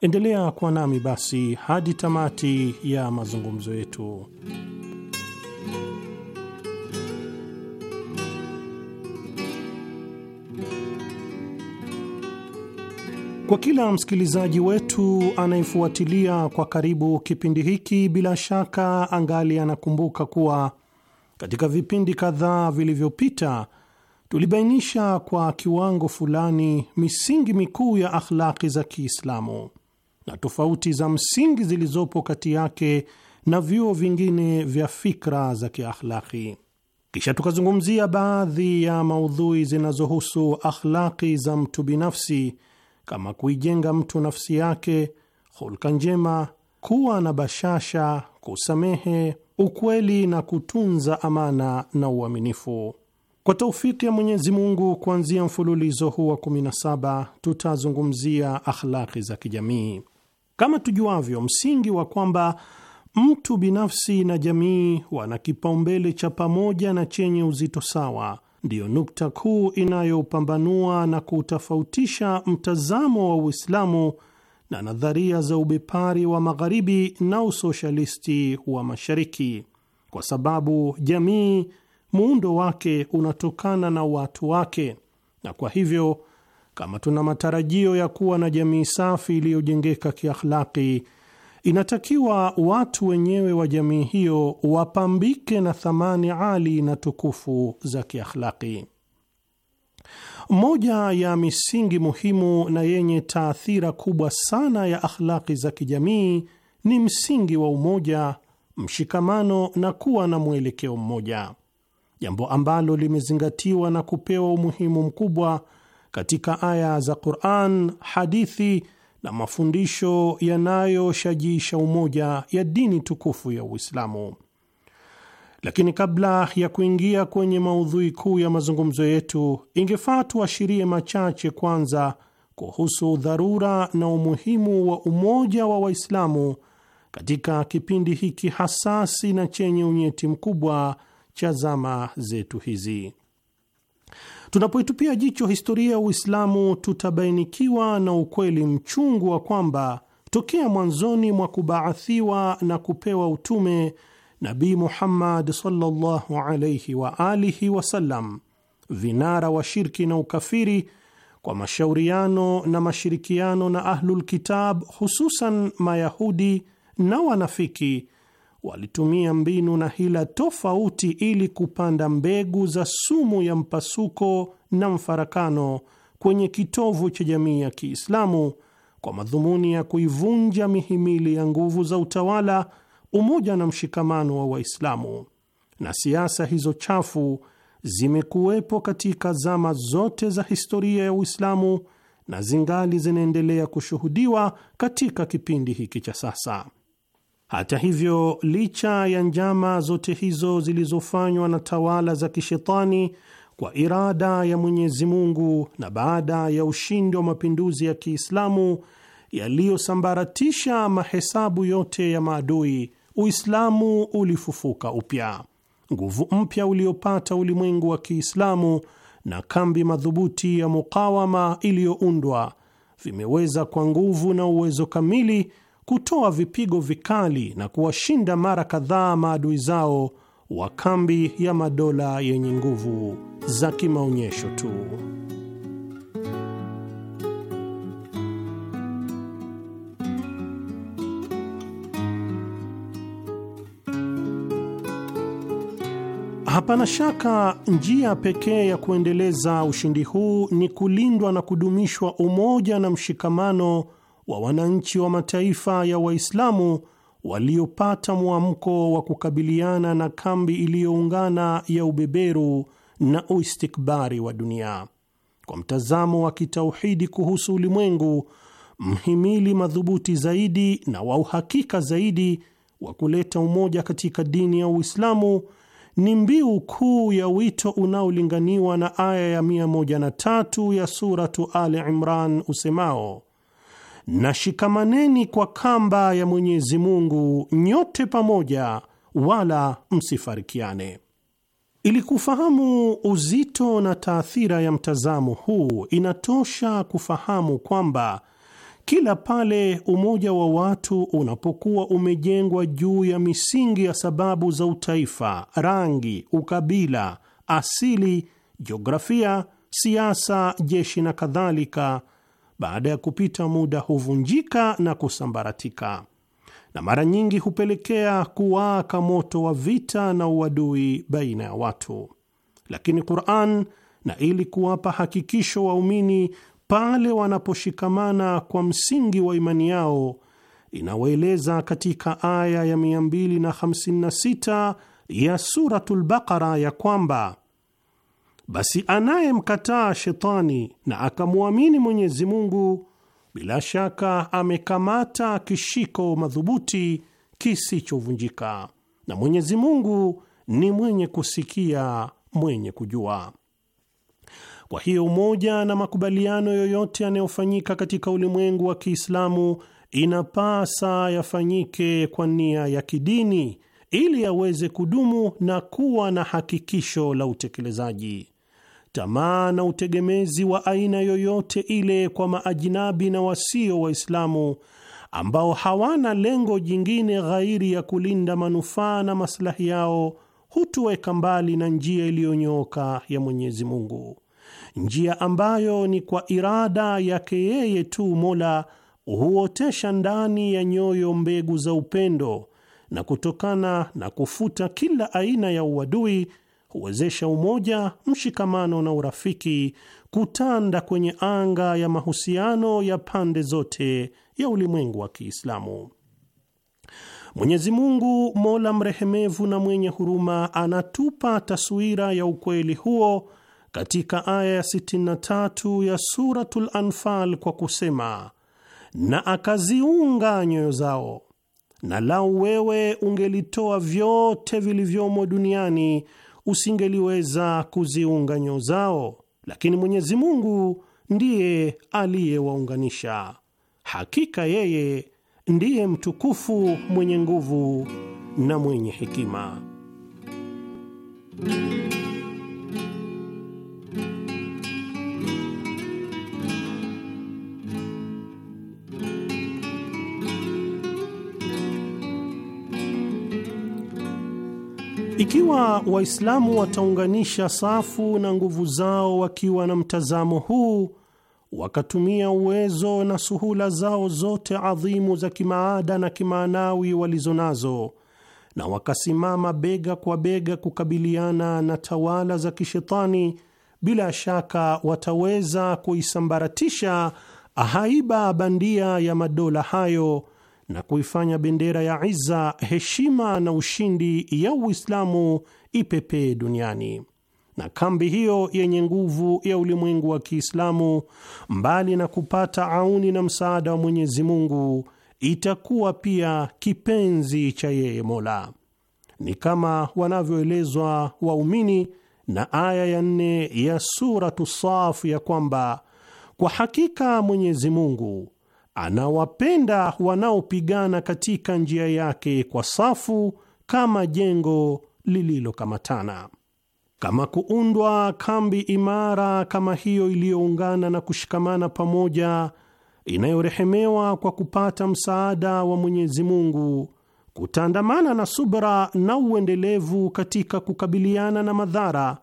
Endelea kuwa nami basi hadi tamati ya mazungumzo yetu. Kwa kila msikilizaji wetu anayefuatilia kwa karibu kipindi hiki, bila shaka angali anakumbuka kuwa katika vipindi kadhaa vilivyopita tulibainisha kwa kiwango fulani misingi mikuu ya akhlaki za Kiislamu na tofauti za msingi zilizopo kati yake na vyuo vingine vya fikra za kiakhlaki. Kisha tukazungumzia baadhi ya maudhui zinazohusu akhlaki za mtu binafsi kama kuijenga mtu nafsi yake, hulka njema, kuwa na bashasha, kusamehe, ukweli na kutunza amana na uaminifu. Kwa taufiki ya Mwenyezi Mungu, kuanzia mfululizo huu wa 17 tutazungumzia akhlaki za kijamii. Kama tujuavyo, msingi wa kwamba mtu binafsi na jamii wana kipaumbele cha pamoja na chenye uzito sawa ndiyo nukta kuu inayopambanua na kutofautisha mtazamo wa Uislamu na nadharia za ubepari wa magharibi na usoshalisti wa mashariki, kwa sababu jamii muundo wake unatokana na watu wake, na kwa hivyo kama tuna matarajio ya kuwa na jamii safi iliyojengeka kiakhlaki, inatakiwa watu wenyewe wa jamii hiyo wapambike na thamani ali na tukufu za kiakhlaki. Moja ya misingi muhimu na yenye taathira kubwa sana ya akhlaki za kijamii ni msingi wa umoja, mshikamano na kuwa na mwelekeo mmoja, jambo ambalo limezingatiwa na kupewa umuhimu mkubwa katika aya za Qur'an, hadithi na mafundisho yanayoshajiisha umoja ya dini tukufu ya Uislamu. Lakini kabla ya kuingia kwenye maudhui kuu ya mazungumzo yetu, ingefaa tuashirie machache kwanza kuhusu dharura na umuhimu wa umoja wa Waislamu katika kipindi hiki hasasi na chenye unyeti mkubwa cha zama zetu hizi. Tunapoitupia jicho historia ya Uislamu, tutabainikiwa na ukweli mchungu wa kwamba tokea mwanzoni mwa kubaathiwa na kupewa utume Nabii Muhammad sallallahu alayhi wa alihi wasallam, vinara wa shirki na ukafiri kwa mashauriano na mashirikiano na Ahlulkitab, hususan Mayahudi na wanafiki walitumia mbinu na hila tofauti ili kupanda mbegu za sumu ya mpasuko na mfarakano kwenye kitovu cha jamii ya Kiislamu kwa madhumuni ya kuivunja mihimili ya nguvu za utawala, umoja na mshikamano wa Waislamu. Na siasa hizo chafu zimekuwepo katika zama zote za historia ya Uislamu na zingali zinaendelea kushuhudiwa katika kipindi hiki cha sasa. Hata hivyo, licha ya njama zote hizo zilizofanywa na tawala za kishetani kwa irada ya Mwenyezi Mungu na baada ya ushindi wa mapinduzi ya Kiislamu yaliyosambaratisha mahesabu yote ya maadui, Uislamu ulifufuka upya. Nguvu mpya uliopata ulimwengu wa Kiislamu na kambi madhubuti ya mukawama iliyoundwa vimeweza kwa nguvu na uwezo kamili kutoa vipigo vikali na kuwashinda mara kadhaa maadui zao wa kambi ya madola yenye nguvu za kimaonyesho tu. Hapana shaka njia pekee ya kuendeleza ushindi huu ni kulindwa na kudumishwa umoja na mshikamano wa wananchi wa mataifa ya Waislamu waliopata mwamko wa kukabiliana na kambi iliyoungana ya ubeberu na uistikbari wa dunia. Kwa mtazamo wa kitauhidi kuhusu ulimwengu, mhimili madhubuti zaidi na wa uhakika zaidi wa kuleta umoja katika dini ya Uislamu ni mbiu kuu ya wito unaolinganiwa na aya ya 103 ya Suratu Ali Imran usemao na shikamaneni kwa kamba ya Mwenyezi Mungu nyote pamoja, wala msifarikiane. Ili kufahamu uzito na taathira ya mtazamo huu, inatosha kufahamu kwamba kila pale umoja wa watu unapokuwa umejengwa juu ya misingi ya sababu za utaifa, rangi, ukabila, asili, jiografia, siasa, jeshi na kadhalika baada ya kupita muda huvunjika na kusambaratika, na mara nyingi hupelekea kuwaka moto wa vita na uadui baina ya watu. Lakini Qur'an, na ili kuwapa hakikisho waumini pale wanaposhikamana kwa msingi wa imani yao, inawaeleza katika aya ya 256 ya suratul Baqara ya kwamba basi anayemkataa shetani na akamwamini Mwenyezi Mungu, bila shaka amekamata kishiko madhubuti kisichovunjika, na Mwenyezi Mungu ni mwenye kusikia, mwenye kujua. Kwa hiyo umoja na makubaliano yoyote yanayofanyika katika ulimwengu wa Kiislamu inapasa yafanyike kwa nia ya kidini ili yaweze kudumu na kuwa na hakikisho la utekelezaji tamaa na utegemezi wa aina yoyote ile kwa maajinabi na wasio Waislamu ambao hawana lengo jingine ghairi ya kulinda manufaa na maslahi yao hutuweka mbali na njia iliyonyooka ya Mwenyezi Mungu, njia ambayo ni kwa irada yake yeye tu Mola huotesha ndani ya nyoyo mbegu za upendo na kutokana na kufuta kila aina ya uadui huwezesha umoja, mshikamano na urafiki kutanda kwenye anga ya mahusiano ya pande zote ya ulimwengu wa Kiislamu. Mwenyezi Mungu Mola mrehemevu na mwenye huruma anatupa taswira ya ukweli huo katika aya ya 63 ya Suratul Anfal kwa kusema, na akaziunga nyoyo zao, na lau wewe ungelitoa vyote vilivyomo duniani usingeliweza kuziunga nyoo zao, lakini Mwenyezi Mungu ndiye aliyewaunganisha. Hakika yeye ndiye mtukufu mwenye nguvu na mwenye hekima. Ikiwa Waislamu wataunganisha safu na nguvu zao wakiwa na mtazamo huu, wakatumia uwezo na suhula zao zote adhimu za kimaada na kimaanawi walizo nazo, na wakasimama bega kwa bega kukabiliana na tawala za kishetani, bila shaka wataweza kuisambaratisha haiba bandia ya madola hayo na kuifanya bendera ya iza, heshima na ushindi ya Uislamu ipepee duniani. Na kambi hiyo yenye nguvu ya ulimwengu wa Kiislamu, mbali na kupata auni na msaada wa Mwenyezi Mungu, itakuwa pia kipenzi cha yeye Mola, ni kama wanavyoelezwa waumini na aya ya nne ya Suratu Safu ya kwamba kwa hakika Mwenyezi Mungu anawapenda wanaopigana katika njia yake kwa safu kama jengo lililokamatana. Kama kuundwa kambi imara kama hiyo iliyoungana na kushikamana pamoja, inayorehemewa kwa kupata msaada wa Mwenyezi Mungu, kutandamana na subra na uendelevu katika kukabiliana na madhara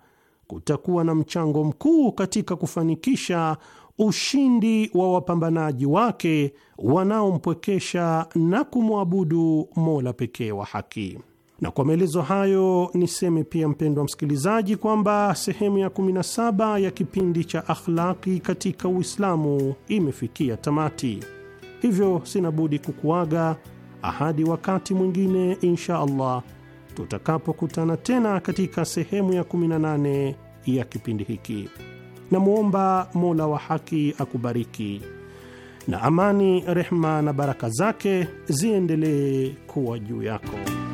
kutakuwa na mchango mkuu katika kufanikisha ushindi wa wapambanaji wake wanaompwekesha na kumwabudu Mola pekee wa haki. Na kwa maelezo hayo niseme pia, mpendwa msikilizaji, kwamba sehemu ya 17 ya kipindi cha akhlaki katika Uislamu imefikia tamati, hivyo sina budi kukuaga ahadi wakati mwingine insha Allah tutakapokutana tena katika sehemu ya 18 ya kipindi hiki. Namwomba Mola wa haki akubariki, na amani, rehma na baraka zake ziendelee kuwa juu yako.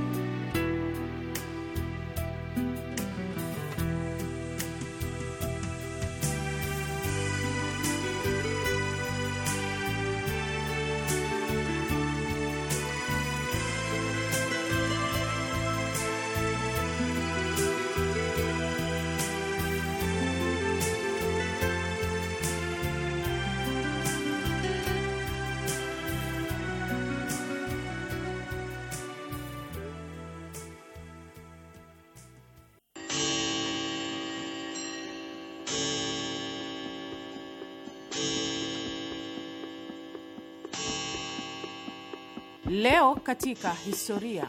Leo katika historia.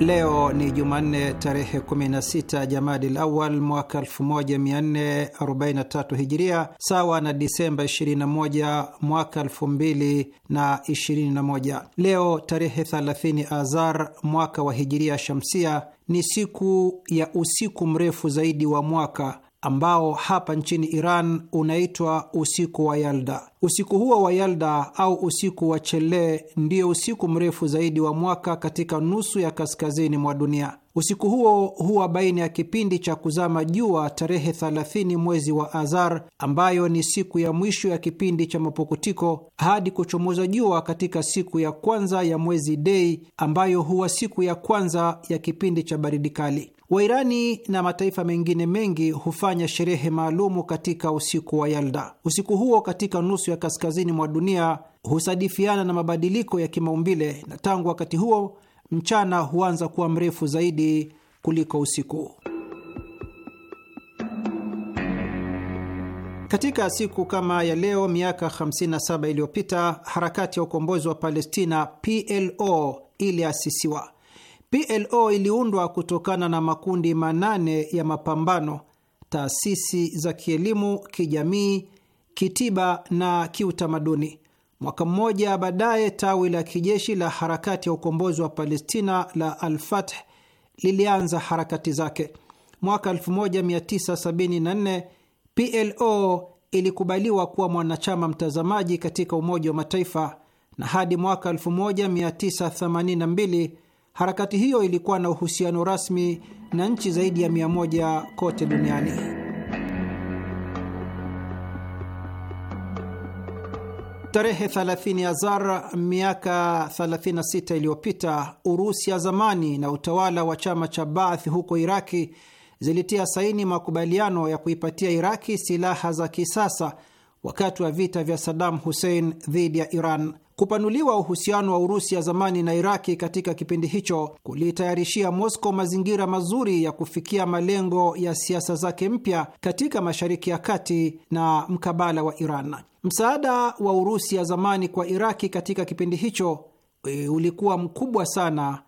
Leo ni Jumanne tarehe 16 Jamadil Awal mwaka 1443 Hijiria, sawa na Disemba 21 mwaka 2021. Leo tarehe 30 Azar mwaka wa Hijiria Shamsia ni siku ya usiku mrefu zaidi wa mwaka ambao hapa nchini Iran unaitwa usiku wa Yalda. Usiku huo wa Yalda au usiku wa Chele ndio usiku mrefu zaidi wa mwaka katika nusu ya kaskazini mwa dunia. Usiku huo huwa baina ya kipindi cha kuzama jua tarehe 30 mwezi wa Azar, ambayo ni siku ya mwisho ya kipindi cha mapukutiko, hadi kuchomoza jua katika siku ya kwanza ya mwezi Dei, ambayo huwa siku ya kwanza ya kipindi cha baridi kali. Wairani na mataifa mengine mengi hufanya sherehe maalumu katika usiku wa Yalda. Usiku huo katika nusu ya kaskazini mwa dunia husadifiana na mabadiliko ya kimaumbile, na tangu wakati huo mchana huanza kuwa mrefu zaidi kuliko usiku. Katika siku kama ya leo miaka 57 iliyopita harakati ya ukombozi wa Palestina PLO iliasisiwa. PLO iliundwa kutokana na makundi manane ya mapambano, taasisi za kielimu, kijamii, kitiba na kiutamaduni. Mwaka mmoja baadaye, tawi la kijeshi la harakati ya ukombozi wa Palestina la al lilianza harakati zake. Mwaka 1974 PLO ilikubaliwa kuwa mwanachama mtazamaji katika Umoja wa Mataifa na hadi mwaka 1982 Harakati hiyo ilikuwa na uhusiano rasmi na nchi zaidi ya mia moja kote duniani. Tarehe 30 Azar miaka 36 iliyopita, Urusi ya zamani na utawala wa chama cha Baath huko Iraki zilitia saini makubaliano ya kuipatia Iraki silaha za kisasa wakati wa vita vya Saddam Hussein dhidi ya Iran. Kupanuliwa uhusiano wa Urusi ya zamani na Iraki katika kipindi hicho kulitayarishia Moscow mazingira mazuri ya kufikia malengo ya siasa zake mpya katika Mashariki ya Kati na mkabala wa Iran. Msaada wa Urusi ya zamani kwa Iraki katika kipindi hicho e, ulikuwa mkubwa sana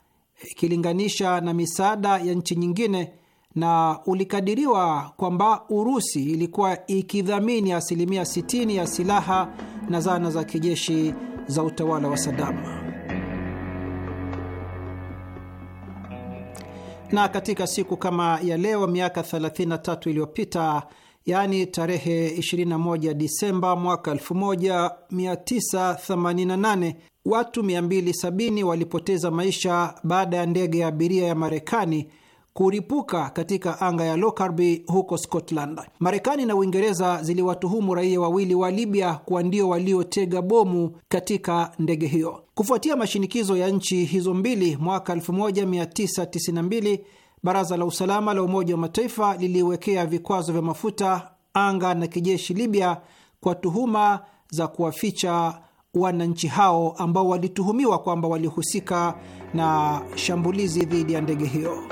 e, ikilinganisha na misaada ya nchi nyingine na ulikadiriwa kwamba Urusi ilikuwa ikidhamini asilimia 60 ya silaha na zana za kijeshi za utawala wa Sadama. Na katika siku kama ya leo miaka 33 iliyopita, yaani tarehe 21 Disemba mwaka 1988, watu 270 walipoteza maisha baada ya ndege ya abiria ya Marekani kuripuka katika anga ya Lokarbi huko Scotland. Marekani na Uingereza ziliwatuhumu raia wawili wa Libya kuwa ndio waliotega bomu katika ndege hiyo. Kufuatia mashinikizo ya nchi hizo mbili, mwaka 1992 baraza la usalama la Umoja wa Mataifa liliwekea vikwazo vya mafuta, anga na kijeshi Libya kwa tuhuma za kuwaficha wananchi hao ambao walituhumiwa kwamba walihusika na shambulizi dhidi ya ndege hiyo.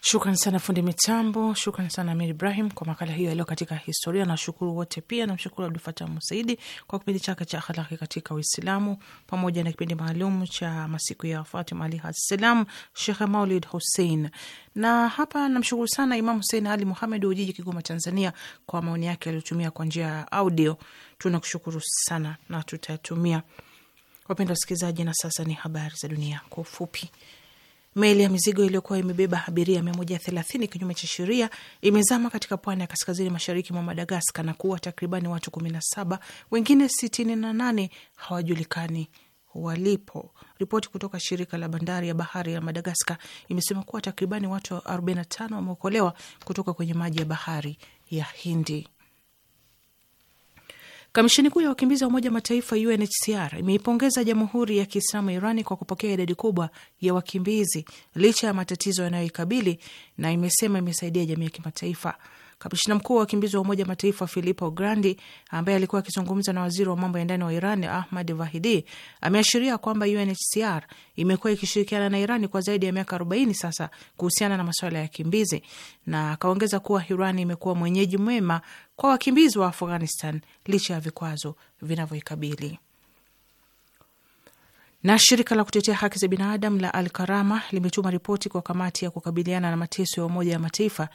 Shukran sana fundi mitambo, shukran sana Amir Ibrahim kwa makala hiyo yaliyo katika historia. Nawashukuru wote, pia namshukuru Fatah Musaidi kwa kipindi chake cha akhlaki katika Uislamu, pamoja na kipindi maalum cha masiku ya Fatima alaihis salam, Shekhe Maulid Hussein. Na hapa namshukuru sana Imam Hussein Ali Muhamed wa jiji Kigoma, Tanzania, kwa maoni yake aliyotumia kwa njia ya audio. Tunakushukuru sana na tutayatumia. Wapenda wasikilizaji, na sasa ni habari za dunia kwa ufupi. Meli ya mizigo iliyokuwa imebeba abiria 130 kinyume cha sheria imezama katika pwani ya kaskazini mashariki mwa Madagaskar na kuua takribani watu 17, wengine 68 hawajulikani walipo. Ripoti kutoka shirika la bandari ya bahari ya Madagaskar imesema kuwa takribani watu 45 wameokolewa kutoka kwenye maji ya bahari ya Hindi. Kamisheni kuu ya wakimbizi wa Umoja Mataifa UNHCR imeipongeza Jamhuri ya Kiislamu Irani kwa kupokea idadi kubwa ya wakimbizi licha ya matatizo yanayoikabili, na imesema imesaidia jamii ya kimataifa Kamishina mkuu wa wakimbizi wa Umoja Mataifa Filippo Grandi, ambaye alikuwa akizungumza na waziri wa mambo ya ndani wa Iran Ahmad Vahidi, ameashiria kwamba UNHCR imekuwa ikishirikiana na Iran kwa zaidi ya miaka 40 sasa kuhusiana na masuala ya wakimbizi, na akaongeza kuwa Iran imekuwa mwenyeji mwema kwa wakimbizi wa Afghanistan licha ya vikwazo vinavyoikabili na shirika la kutetea haki za binadamu la Al Karama limetuma ripoti kwa kamati ya kukabiliana na mateso ya Umoja wa Mataifa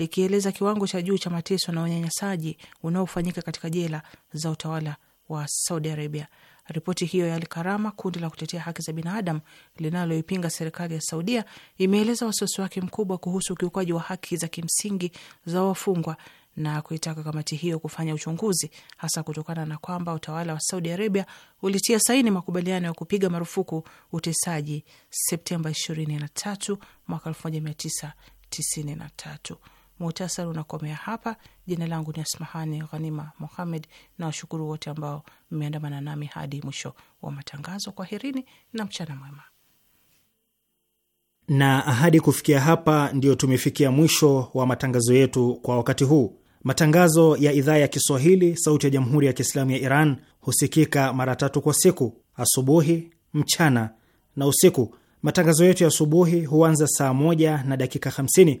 likieleza kiwango cha juu cha mateso na unyanyasaji unaofanyika katika jela za utawala wa Saudi Arabia. Ripoti hiyo ya Alkarama, kundi la kutetea haki za binadamu linaloipinga serikali ya Saudia, imeeleza wasiwasi wake mkubwa kuhusu ukiukaji wa haki za kimsingi za wafungwa na kuitaka kamati hiyo kufanya uchunguzi, hasa kutokana na kwamba utawala wa Saudi Arabia ulitia saini makubaliano ya kupiga marufuku utesaji Septemba 23 mwaka 1993. Muhtasari unakomea hapa. Jina langu ni Asmahani Ghanima Muhammed na washukuru wote ambao mmeandamana nami hadi mwisho wa matangazo. Kwaherini na mchana mwema na ahadi. Kufikia hapa, ndiyo tumefikia mwisho wa matangazo yetu kwa wakati huu. Matangazo ya idhaa ya Kiswahili sauti ya jamhuri ya Kiislamu ya Iran husikika mara tatu kwa siku: asubuhi, mchana na usiku. Matangazo yetu ya asubuhi huanza saa moja na dakika 50